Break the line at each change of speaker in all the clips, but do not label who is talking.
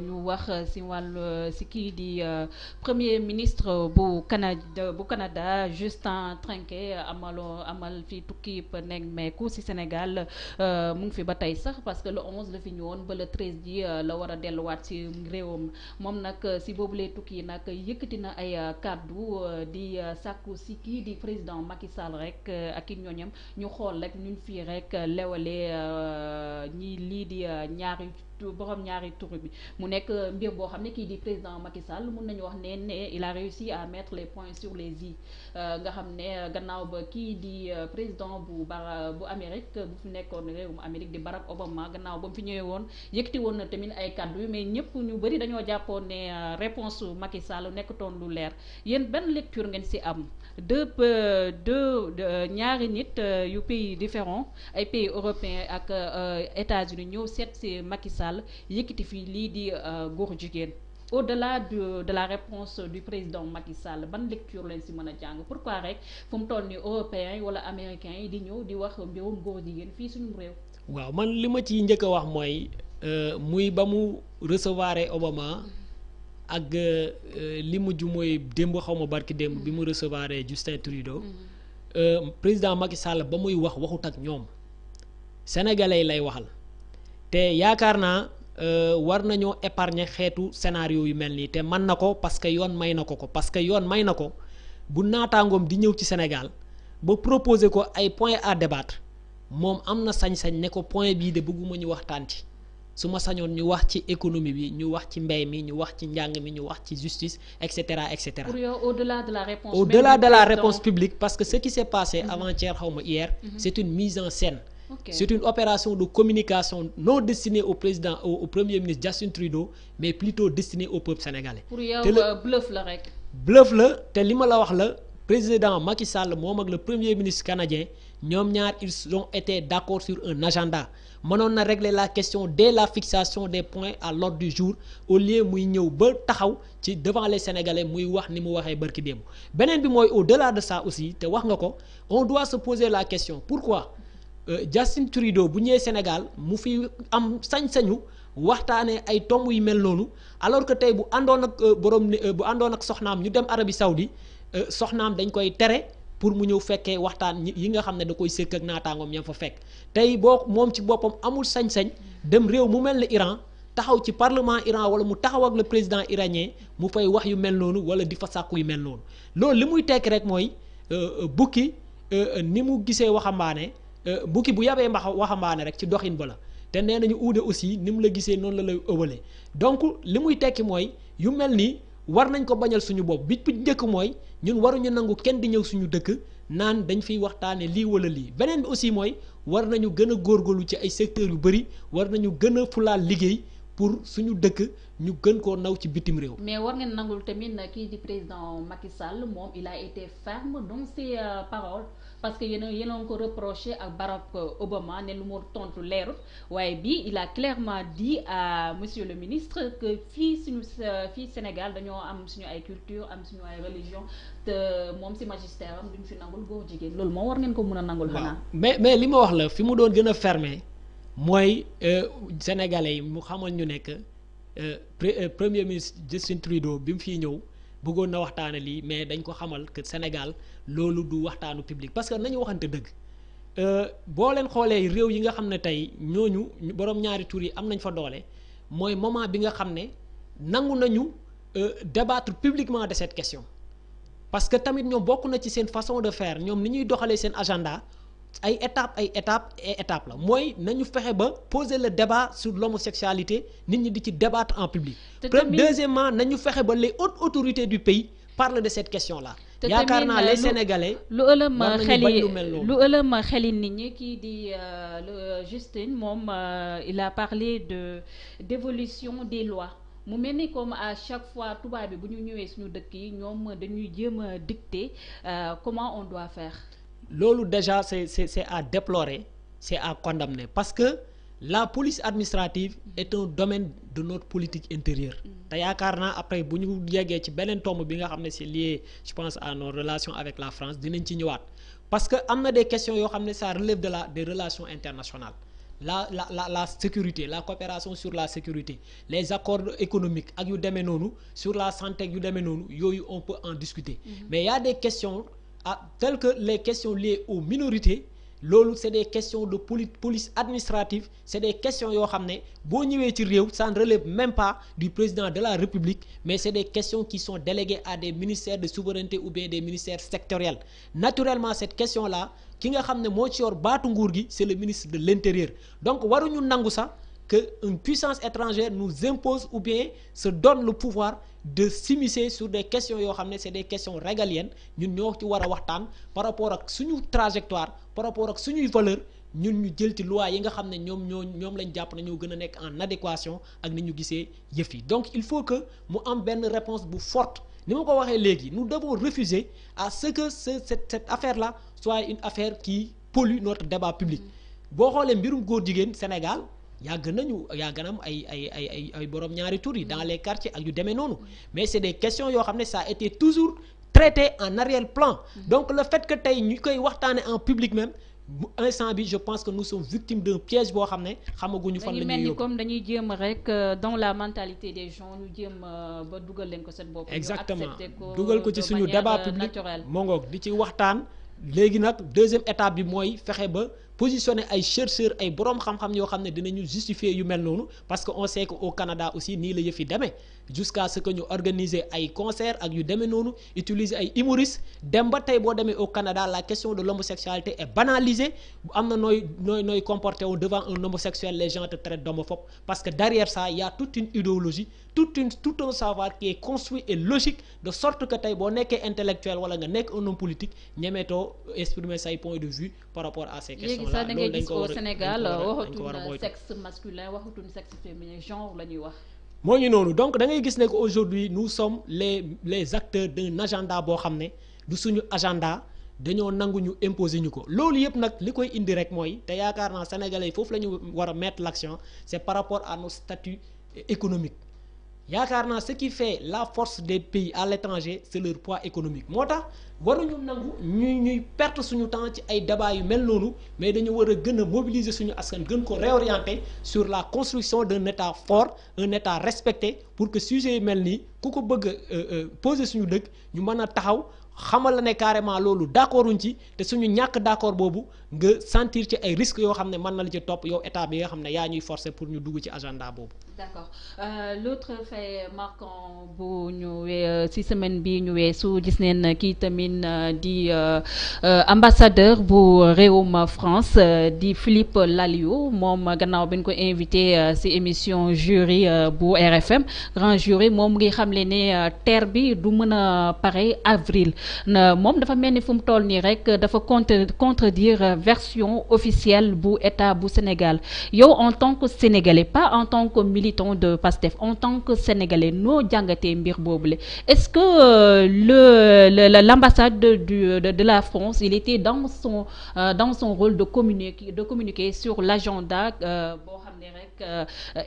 ñu wax euh, si wàllu euh, si kii di euh, premier ministre bu Canada bu Canada Justin Trudeau amaloo amal fi tukki nekk nemmeeku si Sénégal mu ngi fi ba tey sax parce que le 11 la fi ñëwoon ba le 13 ji la war a delluwaat si réewam moom nag si boobule tukki yi nag yëkkati na ay kàddu di sàkku si kii di président Macky Sall rek ak i ñooñam ñu xool rek ñu fii rek lewalee ñi lii di ñaari. borom ñaari tur bi mu nekk euh, mbir boo xam ne kii di président Macky Sall mun nañu wax ne ne il a réussi à mettre les points sur les i euh, nga xam ne euh, gannaaw ba kii di président bu bara bu Amérique bu fi nekkoon mu Amérique di Barack Obama gannaaw ba mu fi ñëwee woon yëkkati woon na tamit ay kàddu mais ñëpp ñu bëri dañoo jàppoon ne réponse Macky Sall nekkatoon lu leer yéen benn lecture ngeen ci am deux deux euh, ñaari nit euh, yu pays différents ay pays européens ak euh, États-Unis ñëw seet si i Sall yëkkati fii lii di góor jigéen au-delà de de la réponse du président mag Macky Sall ban lecture lañ si mën a jàng pourquoi rek fu mu toll nii européens yi wala américains yi di ñëw di wax mbirum góor jigéen fii suñu réew.
waaw man li ma ciy njëkk a wax mooy muy ba mu recevoir Obama. Mm-hmm. ak euh, li ju mooy démb xaw ma barki démb bi mu recevoir Justin Trudeau mm-hmm. euh, président Macky Sall ba muy wax waxut ak ñoom sénégalais lay waxal te yaakaar naa euh, war nañoo épargne xeetu scénario yu mel nii te mën na ko parce que yoon may na ko ko parce que yoon may na ko bu naataangoom di ñëw ci Sénégal ba proposer ko ay points à débattre moom am na sañ-sañ ne ko point bii de bëgguma ñu waxtaan ci. su ma sañoon ñu wax ci économie bi ñu wax ci mbéy mi ñu wax ci njàng mi ñu wax ci justice et cetera et cetera. pour
yow au de la réponse. au-delà de la réponse
publique parce que ce qui s'est passé mhm. avant-hier xaw ma hier. Mhm. c'est une mise en scène. Okay. C'est une opération de communication non destinée au président au, au premier ministre Justin Trudeau mais plutôt destinée au peuple sénégalais. pour euh, la rek. bluff la te li ma la wax la président Macky Sall moo mag la premier ministre canadien ñoom ñaar ils ont été d'accord sur un agenda mënoon na régler la question dès la fixation des points à l'ordre du jour au lieu muy ñëw ba taxaw ci devant les sénégalais muy wax ni mu waxee bërki démb beneen bi mooy au-delà de ça aussi te wax nga ko on doit se poser la question pourquoi euh, Justin Trudeau bu ñëwee Sénégal mu fi am sañ-sañu waxtaanee ay tomb yu mel noonu alors que tey bu àndoon ak euh, borom euh, bu àndoon ak soxnaam ñu dem Arabie Saoudi Euh, soxnaam dañ koy tere pour mu ñëw fekkee waxtaan yi nga xam ne da koy sëkk ak naataangoom ñam fa fekk tey boo moom ci boppam amul sañ-sañ dem réew mu mel ni Iran taxaw ci parlement Iran wala mu taxaw ak le président iranien mu fay wax yu mel noonu wala di fa sàkku yu mel noonu loolu li muy tekki rek mooy euh, euh, bukki ni mu gisee waxambaane bukki bu yabee mbax waxambaane rek ci doxin ba la te nee nañu uude aussi ni mu la gisee noonu la lay ëwalee donc li muy tekki mooy yu mel nii war nañ ko bañal suñu bopp bi bu njëkk mooy ñun waruñu nangu kenn di ñëw suñu dëkk naan dañ fiy waxtaane lii wala lii beneen bi aussi mooy war nañu gën a góorgóorlu ci ay secteurs yu bëri war nañu gën a fulaal liggéey pour suñu dëkk ñu gën koo naw ci bitim réew.
mais war ngeen nangul tamit kii di président Macky Sall moom il a été ferme dans ses euh, paroles. parce que yéen a yéen a ko reproché ak Barack euh, Obama ne lu mu tontu leerut waaye bi il a clairement dit à monsieur le ministre que fii suñu euh, fii Sénégal dañoo am suñu ay culture am suñu ay religion te moom si magistère am duñ fi nangul góor jigéen loolu moo war ngeen ko
mën a nangul xanaa mais mais li ma wax la fi mu doon gën a fermé mooy euh, sénégalais yi mu xamal ñu nekk premier ministre Justin Trudeau bi mu fiy ñëw bëggoon na waxtaane lii mais dañ ko xamal que Sénégal loolu du waxtaanu public parce que nañu waxante dëgg euh, boo leen xoolee réew yi nga xam ne tey ñooñu borom ñaari tur yi am nañ fa doole mooy moment bi nga xam ne nangu nañu euh, débattre publiquement de cette question parce que tamit ñoom bokk na ci seen façon de faire ñoom ni ñuy doxalee seen agenda ay étape ay étape étape la mooy nañu fexe ba poser le débat sur l'homosexualité nit ñi di ci débattre en public premier deuxièmement nañu fexe ba les hautes autorité du pays parlent de cette question là yaakaar naa les sénégalais
lu ëlëm xel yi lu ëlëm xel yi nit ñi kii di euh, le Justine moom euh, il a parlé de d'évolution des lois mu mel ni comme à chaque fois tubaab bi bu ñuy ñëwee suñu dëkk yi ñoom dañuy jéem a dicter euh, comment on doit faire
loolu déjà c'est c'est c'est à déplorer c'est à condamner parce que la police administrative est un domaine de notre politique intérieure mm. te yaakaar naa après bu ñu jegee ci beneen tomb bi nga xam ne si lié je pense à nos relations avec la France dinañ ci ñëwaat parce que am na des question yoo xam ne ça relève de la des relations internationales la la la la sécurité la coopération sur la sécurité les accords économiques ak yu demee noonu sur la santé ak yu demee noonu yooyu on peut en discuter mm-hmm. ah telles que les questions liées au minorités loolu c'est des questions de poli police administrative c'est des questions yoo xam ne boo ñëwee ci réew ça ne relève même pas du président de la République mais c'est des questions qui sont déléguées à des ministères de souveraineté ou bien des ministères sectoriels naturellement cette question la ki nga xam ne moo ci yor baatu nguur gi c'est le ministre de l'intérieur donc waruñu nangu sax que une puissance étrangère nous impose ou bien se donne lu pouvoir de s'immiscer sur des questions yoo xam ne c'est des questions régaliennes ñun ñoo ci war a waxtaan par rapport ak suñu trajectoire par rapport ak suñuy valeur ñun ñu jël ci loi yi nga xam ne ñoom ñoo ñoom lañ jàpp ne gën a nekk en adéquation ak ni ñu gisee yëf yi donc il faut que mu am benn réponse bu forte ni ma ko waxee léegi nous devons refuser à ce que ce cette cette affaire là soit une affaire qui pollue notre débat boo xoolee mbirum góor jigéen Sénégal yàgg nañu yàgg na ay ay ay ay ay borom ñaari tur yi dans les quartiers ak yu demee noonu mais c'est des question yoo xam ne ça a été toujours traité en arrière-plan donc le fait que tey ñu koy waxtaane en public même instant bi je pense que nous sommes victimes d'un piège boo xam ne xamaguñu fan la ñuy yóbbu comme
dañuy jéem rek euh, dans la mentalité des gens ñu jéem euh, ba dugal leen ko seen bopp exactement dugal ko ci suñu débat euh, public
moo ngoog di ci waxtaan léegi nag deuxième étape bi mooy fexe ba positionné ay chercheurs ay boroom xam-xam yoo xam ne dinañu justifier yu mel noonu parce que on sait que au aussi nii la yëf deme demee jusqu'à ce que ñu organiser ay concert ak yu demee noonu utiliser ay humoristes dem ba tey boo demee au Canada la question de l'homosexualité est banalisée am na nooy nooy nooy comporté wu devant un homosexuel les gens te traitent d'homophobe parce que derrière ça a toute une idéologie toute une tout un savoir qui est construit et logique de sorte que tey boo nekkee intellectuel wala nga nekk un homme politique ñemeetoo exprimer say point de vue par rapport à ces questions là loolu dañ ko war a Sénégal waxatuñ
sexe masculin waxatuñ sexe féminin genre la ñuy wax
moo ñu noonu donc da ngay gis ne que aujourd'hui nous sommes les les acteurs de agenda boo xam ne du suñu agenda dañoo nangu ñu imposé ñu ko loolu yëpp nag li koy indi rek mooy te yaakaar naa sénégalais foofu la ñu war l'action c'est par rapport à nos statuts yaakaar naa ce qui fait la force des pays à l'étranger c'est leur poids économique moo tax waruñu nangu ñuy ñuy perte suñu temps ci ay débat yu mel noonu mais dañu war a gën a mobiliser suñu askan gën ko réorienter sur la construction de état fort un état respecté pour que sujet yu mel nii ku ko bëgg a euh, euh, poser suñu dëkk ñu mën a taxaw xamal la ne carrément loolu d'accorduñ ci te suñu ñàkk d'accord boobu nga sentir ci ay risques yoo xam ne mën na la ci topp yow état bi nga xam ne yaa ñuy force pour ñu dugg ci
agenda boobu. d'accord euh, l'autre fait marquant bu ñu ci euh, semaine bi ñu weesu gis neen kii tamit euh, di euh, euh, ambassadeur bu réewum France euh, di Philippe Laliou moom gannaaw bi ko invité ci émission jury bu RFM grand jury moom ngi xamle ne terre bi du mën a pare avril. moom dafa mel ni fu mu toll nii rek dafa contre contredire version officielle bu état bu Sénégal yow en tant que sénégalais pas en tant que militant de PASTEF en tant que sénégalais noo jàngatee mbir boobu boobule est-ce que euh, le le l'ambassade du de la France il était dans son euh, dans son rôle de communiquer de communiquer sur l'agenda euh, boo xam ne rek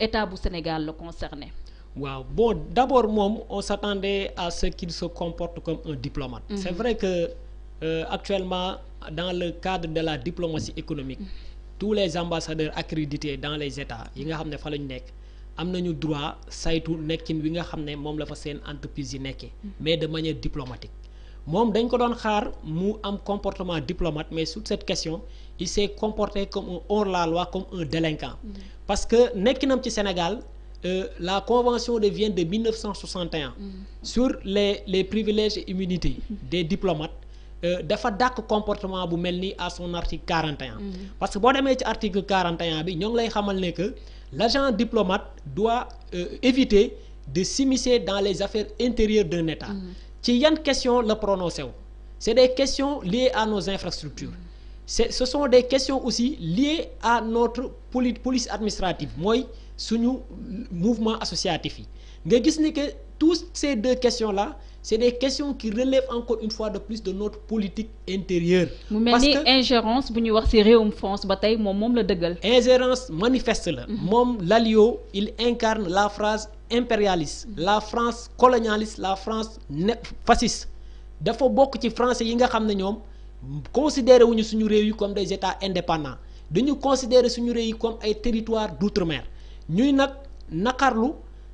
état bu Sénégal la concerné.
waaw boo d'abord moom on s'attendait à ce qu'il se comporte comme un diplomate mm c'est vrai que euh, actuellement dans le cadre de la diplomatie économique mm-hmm. tous les ambassadeurs accrédités dans les États yi nga xam ne fa la ñu nekk am nañu droit saytu nekkin wi nga xam ne moom la fa seen entreprise yi nekkee mm-hmm. mais de manière diplomatique moom dañ ko doon xaar mu am comportement diplomate mais sur cette question il s'est comporté comme un hors-la-loi comme un délinquant parce euh, la convention de Vienne de 1961 mmh. sur les les privilèges et immunités des diplomates euh, dafa dàq comportement bu mel ni à son article 41 mmh. parce que boo demee ci article 41 bi ñoo ngi lay xamal ne que l'agent diplomate doit euh, éviter de s'immiscer dans les affaires intérieures d'un État mm. ci yan question la prononcé wu c'est des questions liées à nos infrastructures c'est ce sont des question aussi liées à notre poli police administrative mooy suñu mouvement associatif yi nga gis ni que tous ces deux questions la c'est des question qui relèvent encore une fois de plus de notre politique intérieure. mu mel ni
ingérence bu ñuy wax ci réewum France ba tey moom moom la dëggal. ingérence manifeste la. Mhm. moom Lalliot
il incarne la phrase impérialiste. Mhm. la France colonialiste la France fasciste. dafa bokk ci français yi nga xam ne ñoom. considéré wuñu suñu réew yi comme des états indépendants dañu considéré suñu réew yi comme ay territoire d'outre-mer ñuy nag naqarlu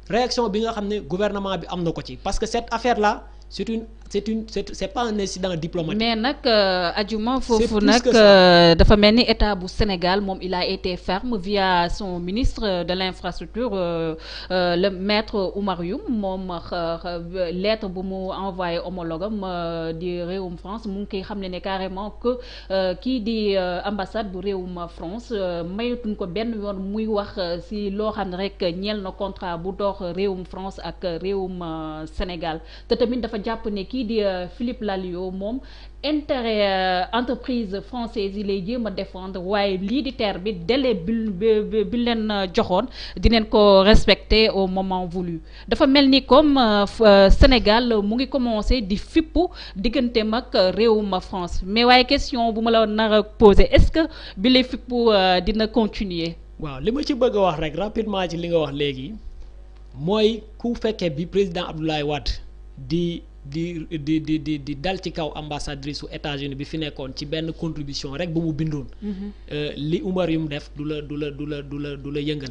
réaction bi nga xam ne gouvernement bi am na ko ci parce que cette affaire la
c'est c'est une c'est c'est pas un incident diplomatique. mais nag euh, ajuma foofu nag euh, dafa mel ni état bu Sénégal moom il a été ferme via son ministre de l'infrastructure euh, euh, le maître Oumar Youm moom euh, lettre bu mu envoyé homologam di réewum France mu ngi xam ne ne carrément que kii di ambassade bu réewum France mayatuñ ko benn yoon muy wax si loo xam ne rek ñeel na contrat bu dox réewum France ak réewum Sénégal te tamit dafa jàpp ne. kii di euh, Philippe Lalliot moom intérêt euh, entreprise française yi lay jéem a défendre waaye lii di terre bi délai bi bi leen euh, joxoon di leen ko respecter au moment voulu dafa mel ni comme Sénégal mu ngi commencé di fippu digganteem ak réewum France mais waaye question bu ma la nar ak poser est-ce que bi lay fippu dina continuer. waaw li ma ci bëgg wax rek rapidement ci
li nga wax léegi mooy ku fekkee bi président Abdoulaye Wade di. di di di di di dal ci kaw ambassadrice su États-Unis bi fi nekkoon ci benn contribution rek bu mu bindoon. Mhm. Euh, li Umar mu def du la du la du la du la du la yëngal.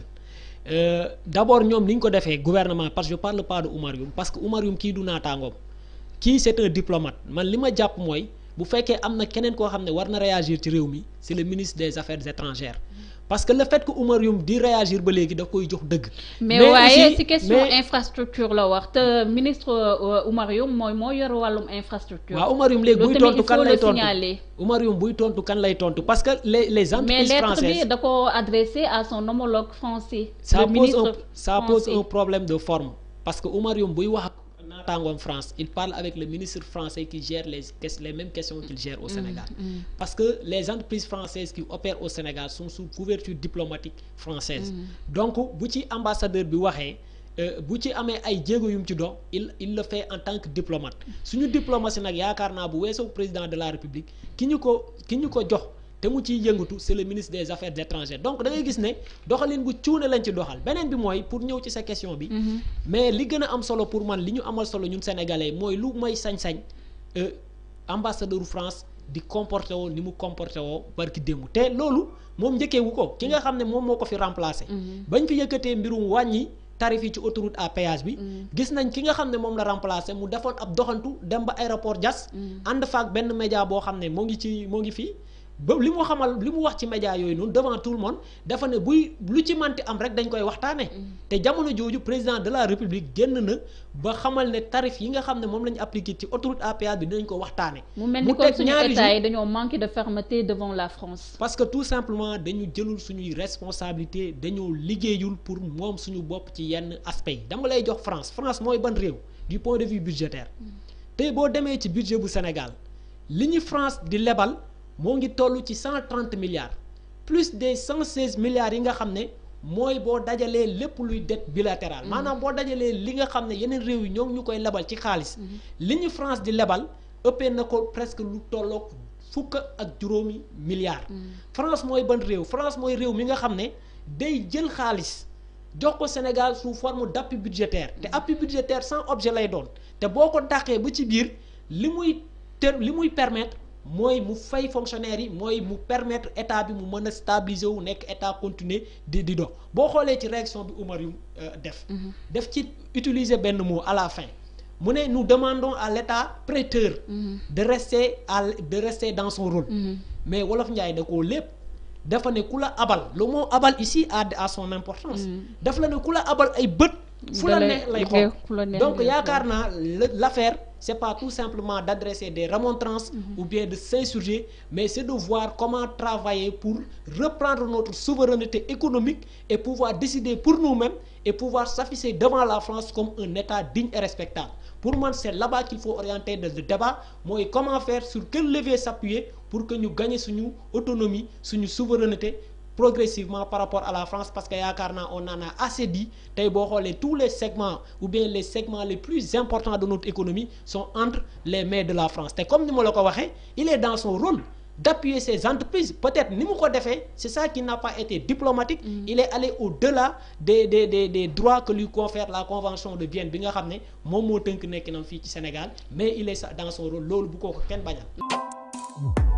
Euh, d'abord ñoom ni ñu ko defee gouvernement parce que je parle pas de Umar parce que Umar Yum kii du naataangoom kii c'est un diplomate man li ma jàpp mooy bu fekkee am na keneen koo xam ne war na réagir ci réew mi c'est le ministre des affaires étrangères. Mhm. parce que le fait que Oumar di réagir ba léegi daf koy jox dëgg.
mais waaye si question infrastructure la wax te ministre euh, Oumar mooy moo yor wàllum infrastructure. waaw Oumar Youm léegi buy
tontu kan lay tontu parce que les les entreprises françaises mais lettre bi da
ko adressé à son homologue français. le pose un
problème de forme parce que Oumar Youm buy wax. naataangoom France il parle avec le ministre français qui gère les les mêmes questions qu'il gère au mm, Sénégal mm, mm. parce que les entreprises françaises qui opèrent au Sénégal sont sous couverture diplomatique française donc bu ci ambassadeur bi waxee euh, bu ci amee ay jéego ci dox il il le fait en tant que diplomate suñu diplomatie nag yaakaar naa bu weesoo président de la République ki ñu ko ki ñu ko jox te mu ciy yëngatu c'est le ministre des affaires étrangères donc da ngay gis ne doxalin gu cuune lañ ci doxal beneen bi mooy pour ñëw ci sa question bi. Mhm. mais li gën a am solo pour man li ñu amal solo ñun sénégalais mooy lu may sañ-sañ euh, ambassadeur France. di comporté woo ni mu comporté woo barki démb te loolu moom njëkkeewu ko ki nga xam ne moom moo ko fi remplacé mhm. bañ fi yëkkatee mbirum wàññi tarif yi ci autoroute à péage bi mhm. gis nañ ki nga xam ne moom la remplacé mu defoon ab doxantu dem ba aéroport Diass ànd faak benn média boo xam ne moo ngi ci moo ngi fii ba li mu xamal li mu wax ci média yooyu noonu devant tout le monde dafa ne buy lu ci manti am rek dañ koy waxtaanee. Mm. te jamono jooju président de la république génn na ba xamal ne tarif yi nga xam ne moom la ñu ci autoroute à péage bi dinañ ko waxtaane mu mel ni comme suñu état yi
dañoo manqué de fermeté devant la France.
parce que tout simplement dañu jëlul suñuy responsabilité dañoo liggéeyul pour moom suñu bopp ci yenn aspect dama lay jox France France mooy ban réew du point de vue budgétaire. Mm. tey boo demee ci budget bu Sénégal li ñu France di lebal. moo ngi toll ci cent trente milliards plus des cent seize milliards yi nga xam ne mooy boo dajalee lépp luy dette bilatérale mm. maanaam boo dajalee li nga xam ne yeneen réew yi ñoom ñu koy labal ci xaalis mm-hmm. li ñu France di lebal ëppee na ko presque lu tollook fukk ak juróomi milliards mm. France mooy ban réew France mooy réew mi nga xam ne day jël xaalis jox ko Sénégal sous forme d' appui budgétaire te mm-hmm. appui budgétaire sans objet lay doon te boo ko dàqee ba ci biir li muy te li muy permettre mooy mu fay fonctionnaire yi mooy mu permettre état bi mu mën a stabiliser wu nekk état continuer di dox boo xoolee ci réaction bi Oumar yu euh, def. Mhm. def ci utiliser benn mot à la mu ne nu demandon à l' état prêteur. Mhm. de rester à de rester dans son rôle. Mhm. mais wolof Njaay da koo lépp. dafa ne ku la abal le mot abal ici a à son importance. daf la ne ku la abal ay bët. fu la neex lay xool donc yaakaar naa l'affaire c'est pas tout simplement d'adresser des remontrances mmh. ou bien de s'insurger mais c'est de voir comment travailler pour reprendre notre souveraineté économique et pouvoir décider pour nous-mêmes et pouvoir s'afficher devant la France comme un État digne et respectable pour moi c'est là-bas qu'il faut orienter le débat mooy comment faire sur quel levier s'appuyer pour que ñu gagner suñu autonomie suñu souveraineté progressivement par rapport à la France parce que yaakaar naa on en a assez dit tey boo xoolee tous les segments ou bien les segments les plus importants de notre économie sont entre les mains de la France te comme ni ma la ko waxee il est dans son rôle d'appuyer ces entreprises peut-être ni mu ko defee c'est ça qui n'a pas été diplomatique mm. il est allé au-delà des des des des droits que lui confère la convention de Vienne bi nga xam ne moom moo tënk nekkinam fii ci Sénégal mais il est dans son rôle loolu ko ko kenn
bañal